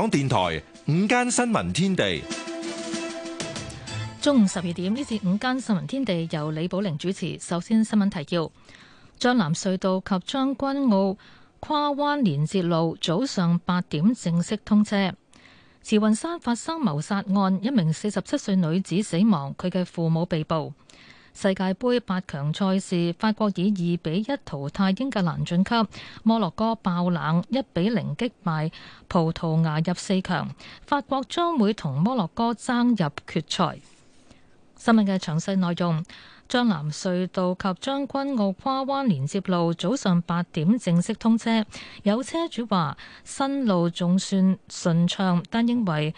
港電台午間新聞天地，中午十二點。呢次午間新聞天地由李寶玲主持。首先新聞提要：將南隧道及將軍澳跨灣連接路早上八點正式通車。慈雲山發生謀殺案，一名四十七歲女子死亡，佢嘅父母被捕。世界杯八強賽事，法國以二比一淘汰英格蘭晉級，摩洛哥爆冷一比零擊敗葡萄牙入四強，法國將會同摩洛哥爭入決賽。新聞嘅詳細內容：將南隧道及將軍澳跨灣連接路早上八點正式通車，有車主話新路仲算順暢，但因為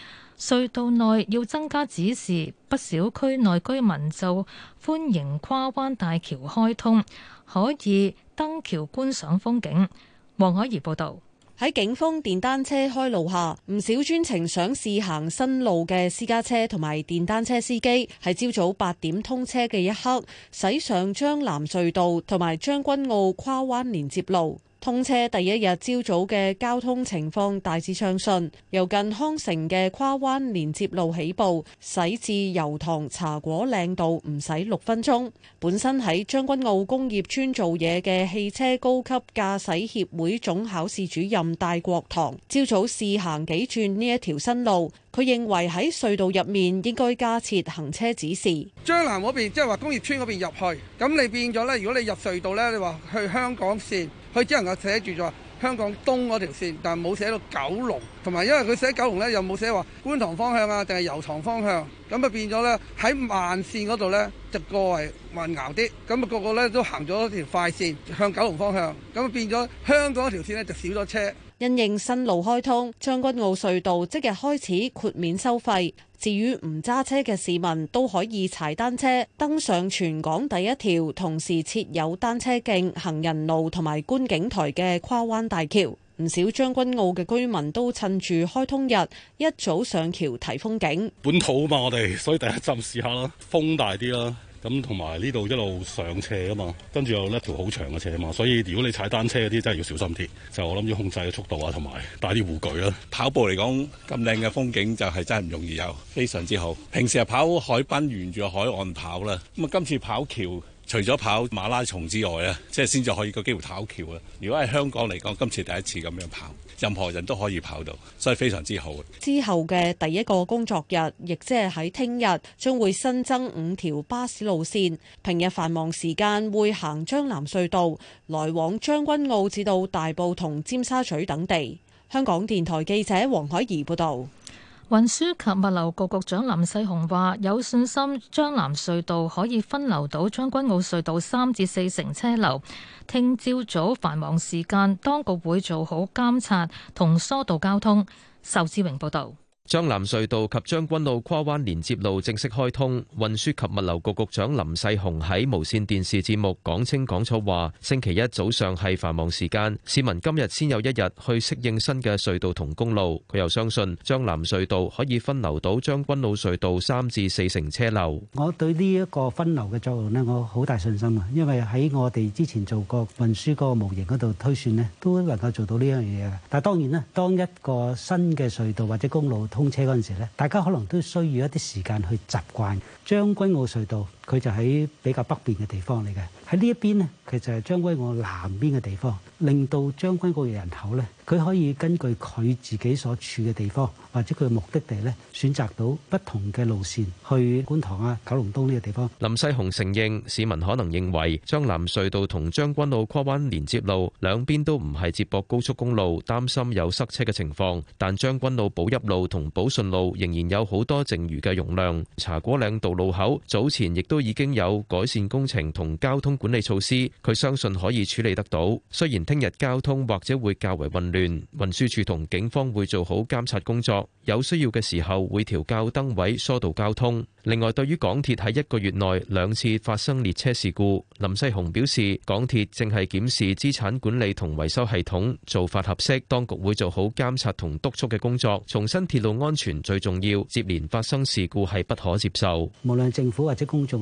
隧道內要增加指示，不少區內居民就歡迎跨灣大橋開通，可以登橋觀賞風景。黃海怡報導，喺警方電單車開路下，唔少專程想試行新路嘅私家車同埋電單車司機，喺朝早八點通車嘅一刻，駛上將藍隧道同埋將軍澳跨灣連接路。通車第一日朝早嘅交通情況大致暢順，由近康城嘅跨灣連接路起步，駛至油塘茶果嶺道唔使六分鐘。本身喺將軍澳工業村做嘢嘅汽車高級駕駛協會總考試主任戴國堂，朝早試行幾轉呢一條新路。佢認為喺隧道入面應該加設行車指示。將南嗰邊，即係話工業村嗰邊入去，咁你變咗呢，如果你入隧道呢，你話去香港線，佢只能夠寫住咗香港東嗰條線，但係冇寫到九龍。同埋因為佢寫九龍呢，又冇寫話觀塘方向啊，定係油塘方向。咁啊變咗呢，喺慢線嗰度呢，就過為混淆啲。咁啊個個呢都行咗條快線向九龍方向。咁變咗香港一條線咧就少咗車。因應新路開通，將軍澳隧道即日開始豁免收費。至於唔揸車嘅市民都可以踩單車登上全港第一條同時設有單車徑、行人路同埋觀景台嘅跨灣大橋。唔少將軍澳嘅居民都趁住開通日一早上橋睇風景。本土嘛，我哋所以第一站試下啦，風大啲啦。咁同埋呢度一路上斜啊嘛，跟住又一條好長嘅斜啊嘛，所以如果你踩單車嗰啲真係要小心啲，就我諗要控制嘅速度啊，同埋帶啲護具咯啊。跑步嚟講咁靚嘅風景就係真係唔容易有，非常之好。平時係跑海濱沿住海岸跑啦，咁啊今次跑橋。除咗跑馬拉松之外咧，即係先至可以個機會跑橋啊！如果喺香港嚟講，今次第一次咁樣跑，任何人都可以跑到，所以非常之好。之後嘅第一個工作日，亦即係喺聽日，將會新增五條巴士路線，平日繁忙時間會行將藍隧道來往將軍澳至到大埔同尖沙咀等地。香港電台記者黃海怡報道。運輸及物流局局長林世雄話：有信心將南隧道可以分流到將軍澳隧道三至四成車流。聽朝早繁忙時間，當局會做好監察同疏導交通。仇志榮報道。將藍隧道及將軍澳跨灣連接路正式開通，運輸及物流局局長林世雄喺無線電視節目講清講楚話，星期一早上係繁忙時間，市民今日先有一日去適應新嘅隧道同公路。佢又相信將藍隧道可以分流到將軍澳隧道三至四成車流。我對呢一個分流嘅作用咧，我好大信心啊！因為喺我哋之前做過運輸嗰個模型嗰度推算咧，都能夠做到呢樣嘢嘅。但係當然咧，當一個新嘅隧道或者公路，通車嗰陣時咧，大家可能都需要一啲時間去習慣將軍澳隧道。佢就喺比較北邊嘅地方嚟嘅，喺呢一邊咧，其實係將軍澳南邊嘅地方，令到將軍澳嘅人口咧，佢可以根據佢自己所處嘅地方或者佢嘅目的地咧，選擇到不同嘅路線去觀塘啊、九龍東呢個地方。林世雄承認市民可能認為將南隧道同將軍澳跨灣連接路兩邊都唔係接駁高速公路，擔心有塞車嘅情況，但將軍澳寶邑路同寶順路仍然有好多剩餘嘅容量。茶果嶺道路口早前亦都已經有改善工程同交通管理措施，佢相信可以處理得到。雖然聽日交通或者會較為混亂，運輸處同警方會做好監察工作，有需要嘅時候會調校燈位，疏導交通。另外，對於港鐵喺一個月內兩次發生列車事故，林世雄表示，港鐵正係檢視資產管理同維修系統做法合適，當局會做好監察同督促嘅工作，重申鐵路安全最重要。接連發生事故係不可接受，無論政府或者公眾。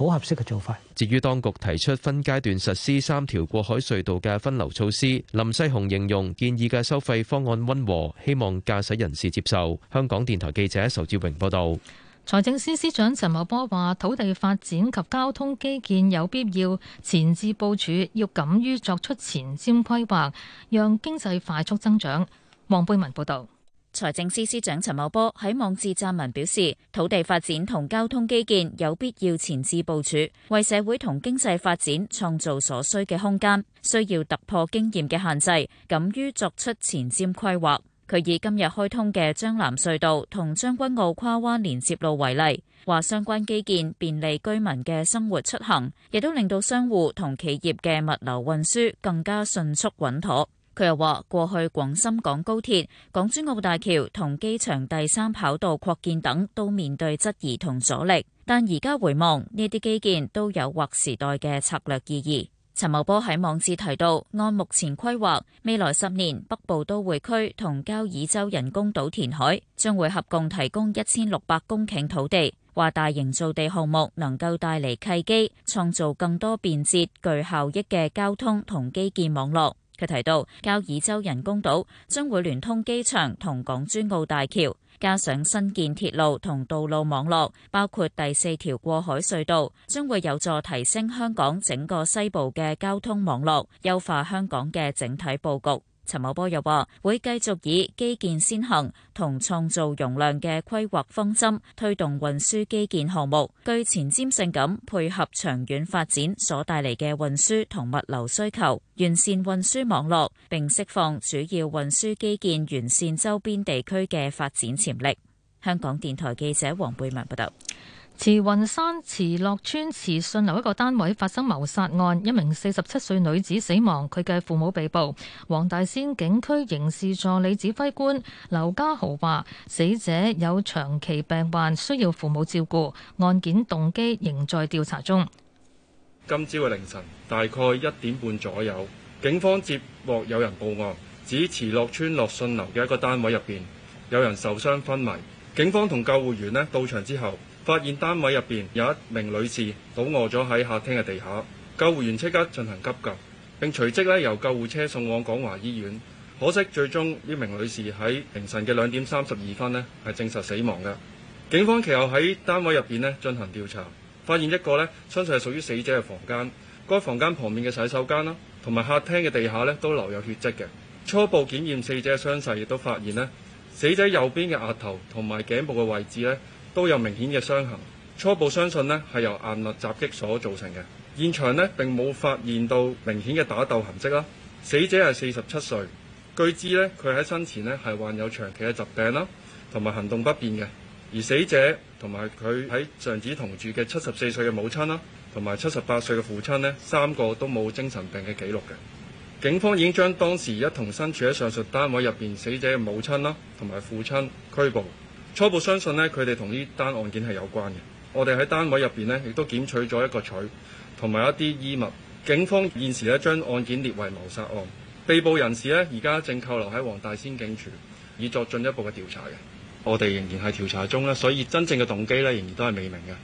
好合適嘅做法。至於當局提出分階段實施三條過海隧道嘅分流措施，林世雄形容建議嘅收費方案溫和，希望駕駛人士接受。香港電台記者仇志榮報道。財政司司司長陳茂波話：土地發展及交通基建有必要前置部署，要敢於作出前瞻規劃，讓經濟快速增長。黃貝文報道。財政司司長陳茂波喺網誌撰文表示，土地發展同交通基建有必要前置部署，為社會同經濟發展創造所需嘅空間，需要突破經驗嘅限制，敢於作出前瞻規劃。佢以今日開通嘅將藍隧道同將軍澳跨灣連接路為例，話相關基建便利居民嘅生活出行，亦都令到商戶同企業嘅物流運輸更加迅速穩妥。佢又話：過去廣深港高鐵、港珠澳大橋同機場第三跑道擴建等都面對質疑同阻力，但而家回望呢啲基建都有劃時代嘅策略意義。陳茂波喺網誌提到，按目前規劃，未來十年北部都會區同交椅洲人工島填海將會合共提供一千六百公頃土地，話大型造地項目能夠帶嚟契機，創造更多便捷、具效益嘅交通同基建網絡。佢提到，交椅洲人工島將會連通機場同港珠澳大橋，加上新建鐵路同道路網絡，包括第四條過海隧道，將會有助提升香港整個西部嘅交通網絡，優化香港嘅整體佈局。陳茂波又話，會繼續以基建先行同創造容量嘅規劃方針，推動運輸基建項目，具前瞻性咁配合長遠發展所帶嚟嘅運輸同物流需求，完善運輸網絡，並釋放主要運輸基建完善周邊地區嘅發展潛力。香港電台記者黃貝文報道。慈雲山慈樂邨慈信樓一個單位發生謀殺案，一名四十七歲女子死亡，佢嘅父母被捕。黃大仙警區刑事助理指揮官劉家豪話：死者有長期病患，需要父母照顧，案件動機仍在調查中。今朝嘅凌晨大概一點半左右，警方接獲有人報案，指慈樂邨樂信樓嘅一個單位入邊有人受傷昏迷。警方同救護員呢到場之後，發現單位入邊有一名女士倒卧咗喺客廳嘅地下，救護員即刻進行急救，並隨即咧由救護車送往廣華醫院。可惜最終呢名女士喺凌晨嘅兩點三十二分咧係證實死亡嘅。警方其後喺單位入邊咧進行調查，發現一個咧相信係屬於死者嘅房間。該房間旁邊嘅洗手間啦，同埋客廳嘅地下咧都留有血迹嘅。初步檢驗死者嘅傷勢，亦都發現咧死者右邊嘅額頭同埋頸部嘅位置咧。都有明顯嘅傷痕，初步相信咧係由硬物襲擊所造成嘅。現場咧並冇發現到明顯嘅打鬥痕跡啦。死者係四十七歲，據知咧佢喺生前咧係患有長期嘅疾病啦，同埋行動不便嘅。而死者同埋佢喺上子同住嘅七十四歲嘅母親啦，同埋七十八歲嘅父親咧，三個都冇精神病嘅記錄嘅。警方已經將當時一同身處喺上述單位入邊死者嘅母親啦同埋父親拘捕。初步相信呢，佢哋同呢單案件係有關嘅。我哋喺單位入邊呢，亦都檢取咗一個取，同埋一啲衣物。警方現時呢，將案件列為謀殺案，被捕人士呢，而家正扣留喺黃大仙警署，以作進一步嘅調查嘅。我哋仍然係調查中呢，所以真正嘅動機呢，仍然都係未明嘅。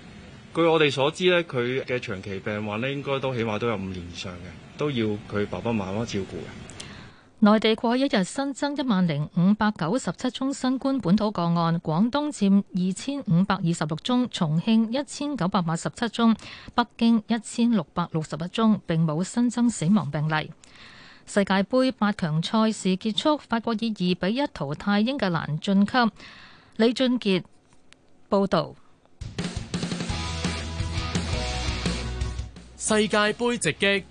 據我哋所知呢，佢嘅長期病患呢，應該都起碼都有五年以上嘅，都要佢爸爸媽媽照顧嘅。內地過去一日新增一萬零五百九十七宗新冠本土個案，廣東佔二千五百二十六宗，重慶一千九百八十七宗，北京一千六百六十一宗，並冇新增死亡病例。世界杯八強賽事結束，法國以二比一淘汰英格蘭晉級。李俊杰報道。世界杯直擊。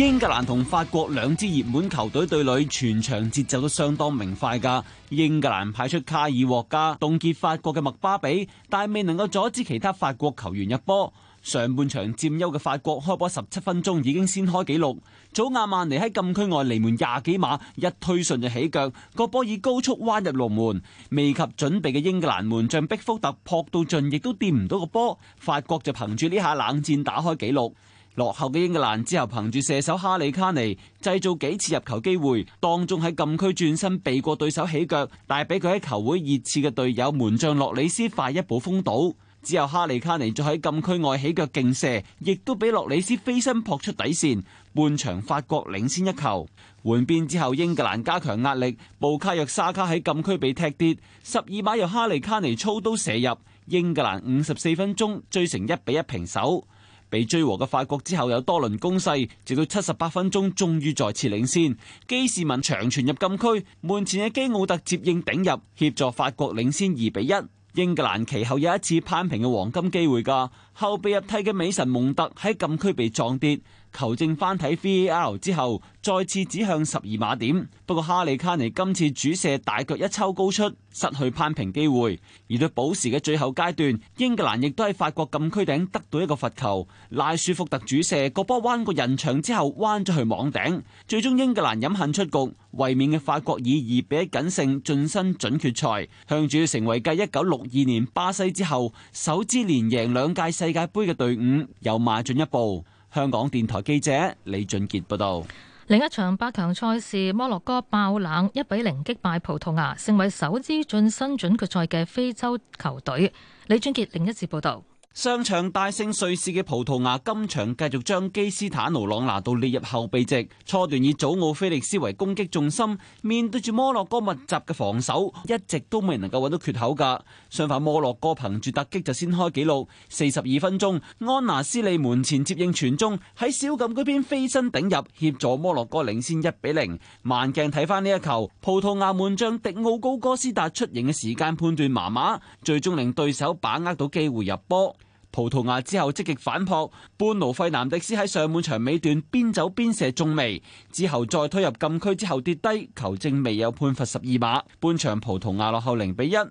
英格蘭同法國兩支熱門球隊對壘，全場節奏都相當明快㗎。英格蘭派出卡爾獲加凍結法國嘅麥巴比，但未能夠阻止其他法國球員入波。上半場佔優嘅法國開波十七分鐘已經先開紀錄。祖亞曼尼喺禁區外離門廿幾碼，一推順就起腳，個波以高速彎入龍門。未及準備嘅英格蘭門將畢福特撲到盡，亦都掂唔到個波。法國就憑住呢下冷戰打開紀錄。落後嘅英格蘭之後，憑住射手哈利卡尼製造幾次入球機會，當中喺禁區轉身避過對手起腳，但係俾佢喺球會熱刺嘅隊友門將洛里斯快一步封堵。之後哈利卡尼再喺禁區外起腳勁射，亦都俾洛里斯飛身撲出底線。半場法國領先一球。換邊之後，英格蘭加強壓力，布卡約沙卡喺禁區被踢跌，十二碼由哈利卡尼操刀射入，英格蘭五十四分鐘追成一比一平手。被追和嘅法國之後有多輪攻勢，直到七十八分鐘終於再次領先。基士文長傳入禁區，門前嘅基奧特接應頂入，協助法國領先二比一。英格蘭其後有一次攀平嘅黃金機會㗎。後備入替嘅美神蒙特喺禁區被撞跌，球證翻睇 VAR 之後，再次指向十二碼點。不過哈利卡尼今次主射大腳一抽高出，失去攀平機會。而到補時嘅最後階段，英格蘭亦都喺法國禁區頂得到一個罰球，賴舒福特主射個波彎過人牆之後，彎咗去網頂，最終英格蘭飲恨出局。衛冕嘅法國以二比一僅勝，晉身準決賽，向住成為繼一九六二年巴西之後，首支連贏兩屆世界杯嘅隊伍又邁進一步。香港電台記者李俊杰報道，另一場八強賽事，摩洛哥爆冷一比零擊敗葡萄牙，成為首支晉身準決賽嘅非洲球隊。李俊杰另一次報道。上場大勝瑞士嘅葡萄牙今場繼續將基斯坦奴朗拿度列入後備席，初段以祖奧菲力斯為攻擊重心，面對住摩洛哥密集嘅防守，一直都未能夠揾到缺口㗎。相反，摩洛哥憑住突擊就先開紀錄，四十二分鐘，安納斯利門前接應傳中，喺小禁區邊飛身頂入，協助摩洛哥領先一比零。慢鏡睇翻呢一球，葡萄牙門將迪奧高哥斯達出迎嘅時間判斷麻麻，最終令對手把握到機會入波。葡萄牙之後積極反撲，般奴費南迪斯喺上半場尾段邊走邊射中楣，之後再推入禁區之後跌低，球證未有判罰十二碼，半場葡萄牙落後零比一。1,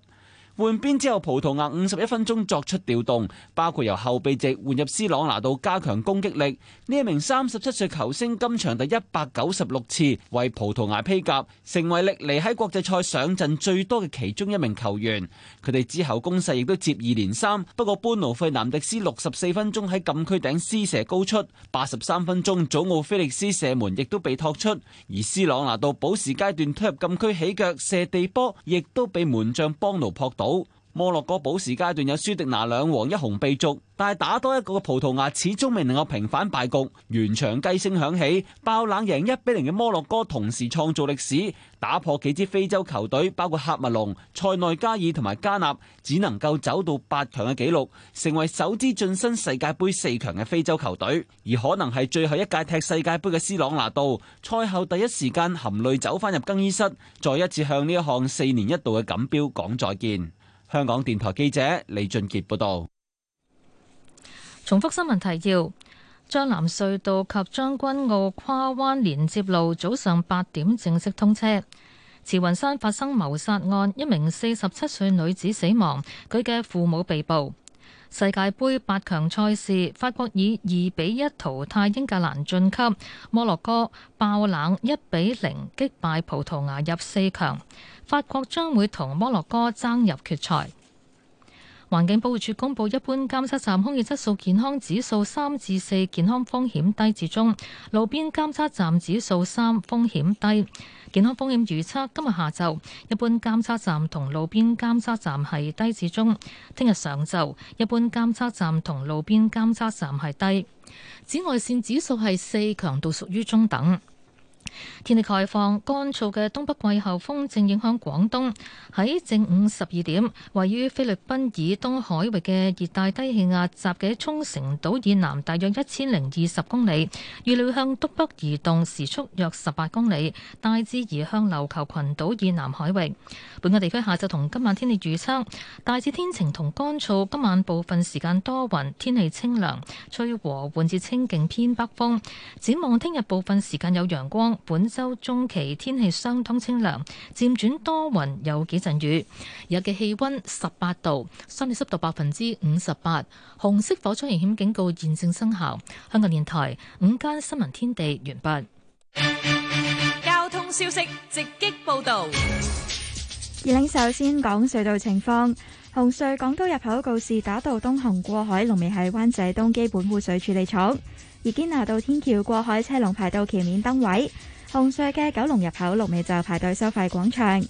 換邊之後，葡萄牙五十一分鐘作出調動，包括由後備席換入斯朗拿度加強攻擊力。呢一名三十七歲球星今場第一百九十六次為葡萄牙披甲，成為歷嚟喺國際賽上陣最多嘅其中一名球員。佢哋之後攻勢亦都接二連三，不過班奴費南迪斯六十四分鐘喺禁區頂施射高出，八十三分鐘祖奧菲力斯射門亦都被托出，而斯朗拿度補時階段推入禁區起腳射地波，亦都被門將邦奴撲倒。摩洛哥補時階段有舒迪拿兩黃一紅被逐，但係打多一個嘅葡萄牙始終未能夠平反敗局，完場雞聲響起，爆冷贏一比零嘅摩洛哥，同時創造歷史，打破幾支非洲球隊，包括喀麥隆、塞內加爾同埋加納，只能夠走到八強嘅紀錄，成為首支晉身世界盃四強嘅非洲球隊。而可能係最後一屆踢世界盃嘅斯朗拿度賽後第一時間含淚走翻入更衣室，再一次向呢一項四年一度嘅錦標講再見。香港電台記者李俊杰報道。重複新聞提要：將藍隧道及將軍澳跨灣連接路早上八點正式通車。慈雲山發生謀殺案，一名四十七歲女子死亡，佢嘅父母被捕。世界杯八強賽事，法國以二比一淘汰英格蘭晉級，摩洛哥爆冷一比零擊敗葡萄牙入四強，法國將會同摩洛哥爭入決賽。環境保護署公布，一般監測站空氣質素健康指數三至四，健康風險低至中；路邊監測站指數三，風險低，健康風險預測今日下晝一般監測站同路邊監測站係低至中，聽日上晝一般監測站同路邊監測站係低，紫外綫指數係四，強度屬於中等。天氣概況，乾燥嘅東北季候風正影響廣東。喺正午十二點，位於菲律賓以東海域嘅熱帶低氣壓，集結沖繩島以南大約一千零二十公里，預料向東北移動，時速約十八公里，大致移向琉球群島以南海域。本港地區下晝同今晚天氣預測：大致天晴同乾燥，今晚部分時間多雲，天氣清涼，吹和緩至清勁偏北風。展望聽日部分時間有陽光。本周中期天氣相當清涼，漸轉多雲，有幾陣雨。日嘅氣温十八度，相對濕度百分之五十八。紅色火災危險警告現正生效。香港電台午間新聞天地完畢。交通消息直擊報道。而家首先講隧道情況，紅隧港島入口告士打道東行過海，龍尾喺灣仔東基本污水處理廠。而堅拿道天橋過海車龍排到橋面燈位，紅隧嘅九龍入口龍尾就排到收費廣場。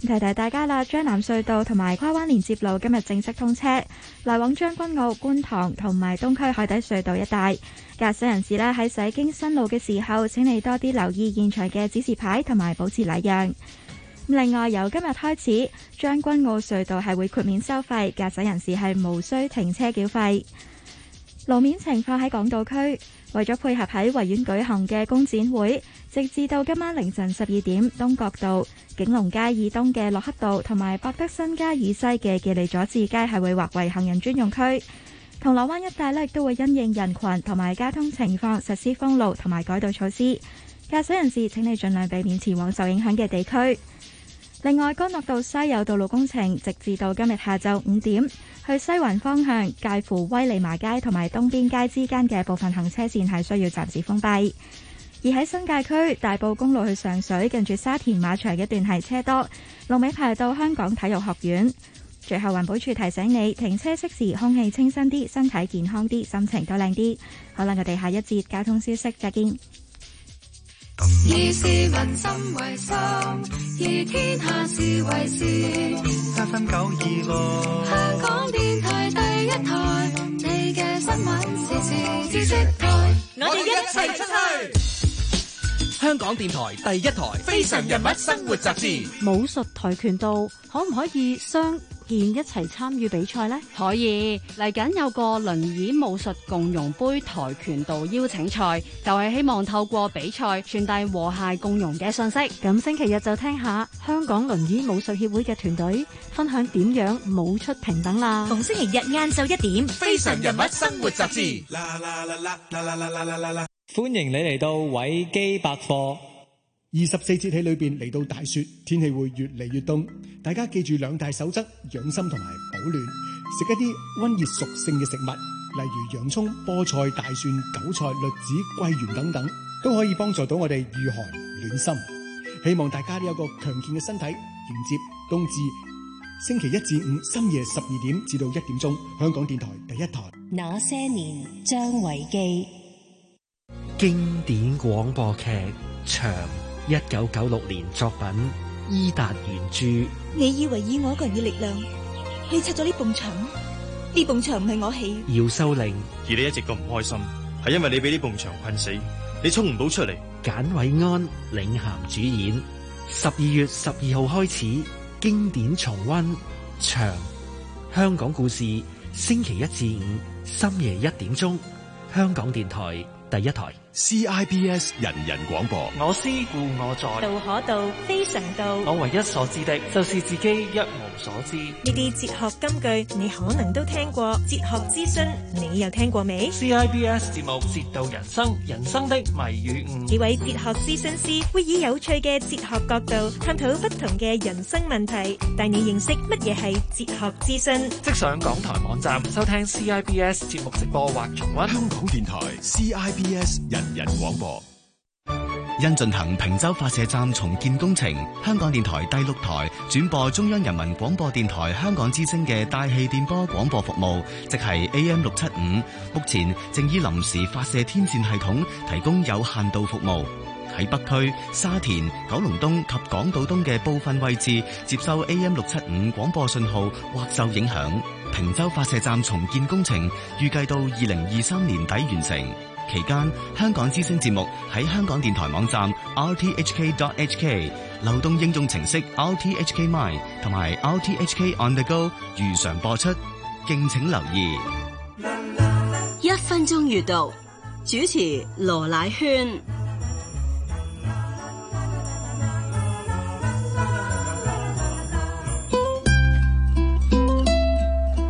提提大家啦，將藍隧道同埋跨灣連接路今日正式通車，來往將軍澳、觀塘同埋東區海底隧道一帶。駕駛人士呢，喺駛經新路嘅時候，請你多啲留意現場嘅指示牌同埋保持禮讓。另外，由今日開始，將軍澳隧道係會豁免收費，駕駛人士係無需停車繳費。路面情況，喺港島區，為咗配合喺維園舉行嘅工展會，直至到今晚凌晨十二點，東角道、景隆街以東嘅洛克道同埋百德新街以西嘅記利佐治街係會劃為行人專用區。銅鑼灣一帶呢，亦都會因應人群同埋交通情況實施封路同埋改道措施。駕駛人士請你儘量避免前往受影響嘅地區。另外，干諾道西有道路工程，直至到今日下晝五點。去西環方向介乎威利麻街同埋東邊街之間嘅部分行車線係需要暫時封閉。而喺新界區大埔公路去上水，近住沙田馬場一段係車多，路尾排到香港體育學院。最後，環保處提醒你：停車熄匙，空氣清新啲，身體健康啲，心情都靚啲。好啦，我哋下一節交通消息再見。以市民心為心，以天下事為事。三三九二六，香港電台第一台，你嘅新聞時事知識台。我哋一齊出去。香港電台第一台，非常人物生活雜誌。武術跆拳道可唔可以雙？見一齊參與比賽咧，可以嚟緊有個輪椅武術共融杯跆拳道邀請賽，就係希望透過比賽傳遞和諧共融嘅信息。咁星期日就聽下香港輪椅武術協會嘅團隊分享點樣舞出平等啦。逢星期日晏晝一點，非常人物生活雜誌。歡迎你嚟到偉基百貨。二十四節氣裏邊嚟到大雪，天氣會越嚟越凍，大家記住兩大守則：養心同埋保暖，食一啲温熱屬性嘅食物，例如洋葱、菠菜、大蒜、韭菜、栗子、桂圓等等，都可以幫助到我哋御寒暖心。希望大家都有個強健嘅身體迎接冬至。星期一至五深夜十二點至到一點鐘，香港電台第一台。那些年，張維基。經典廣播劇長。一九九六年作品《伊達原著》，你以為以我個人嘅力量去拆咗呢埲牆？呢埲牆唔係我起，姚秀玲。而你一直咁唔開心，係因為你俾呢埲牆困死，你衝唔到出嚟。簡偉安領銜主演。十二月十二號開始經典重溫《牆》，香港故事，星期一至五深夜一點鐘，香港電台第一台。CIBS 人人廣播，我思故我在，道可道非常道。我唯一所知的，就是自己一無所知。呢啲哲學金句，你可能都聽過；哲學諮詢，你又聽過未？CIBS 節目哲到人生，人生的謎語。幾位哲學諮詢師會以有趣嘅哲學角度探討不同嘅人生問題，帶你認識乜嘢係哲學諮詢。即上港台網站收聽 CIBS 節目直播或重溫。香港電台 CIBS 人。人廣播因進行平洲發射站重建工程，香港電台第六台轉播中央人民廣播電台香港之聲嘅大氣電波廣播服務，即係 AM 六七五，目前正以臨時發射天線系統提供有限度服務。喺北區、沙田、九龍東及港島東嘅部分位置接收 AM 六七五廣播信號或受影響。平洲發射站重建工程預計到二零二三年底完成。期間，香港之聲節目喺香港電台網站 rthk.hk、流動應用程式 rthk mine 同埋 rthk on the go 如常播出，敬請留意。一分鐘閱讀，主持羅乃萱。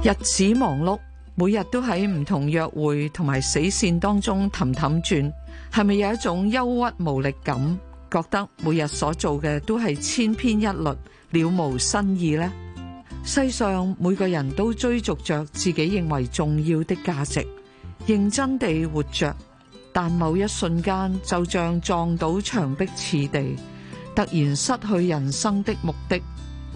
日子忙碌。每日都喺唔同約會同埋死線當中氹氹轉，係咪有一種憂鬱無力感？覺得每日所做嘅都係千篇一律，了無新意呢？世上每個人都追逐著自己認為重要的價值，認真地活着，但某一瞬間就像撞到牆壁似地，突然失去人生的目的。